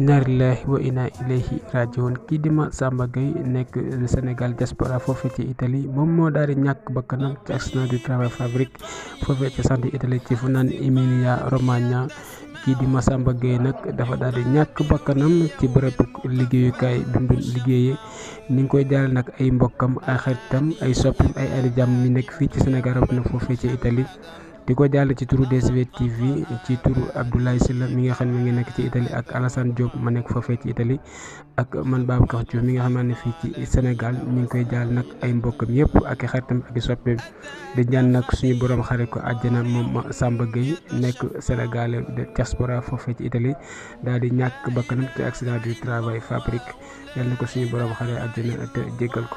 inna lillahi wa inna ilayhi rajiun kii di Massamba Gueye nekk Sénégal diaspora foofee ci Italie moom moo daal ñàkk bakkanam ci accident du travail fabrique foofee ci centre Italie ci fu naan Emilia Romagna kii di Massamba Gueye nag dafa daal ñàkk bakkanam ci bërëbu liggéeyukaay bi mu doon liggéeyee koy jaale nag ay mbokkam ay xaritam ay soppim ay ali jàmm mi nekk fii ci Sénégal rawatina foofee ci Italie di ko jàll ci turu DSV TV ci turu Abdoulaye Sylla mi nga xam ne mi ngi nekk ci Italie ak Alassane Diop ma nekk foofee ci Italie ak man Babacar Diouf mi nga xam ne fii ci Sénégal ñu ngi koy jàll nag ay mbokkam yëpp ak i xaritam ak i soppeem di ñaan nag suñu boroom xare ko àjjana moom Samba Gueye nekk Sénégalais de diaspora foofee ci Italie daal di ñàkk bakkanam ci accident du travail fabrique yal na ko suñu borom xare àjjana te jéggal ko.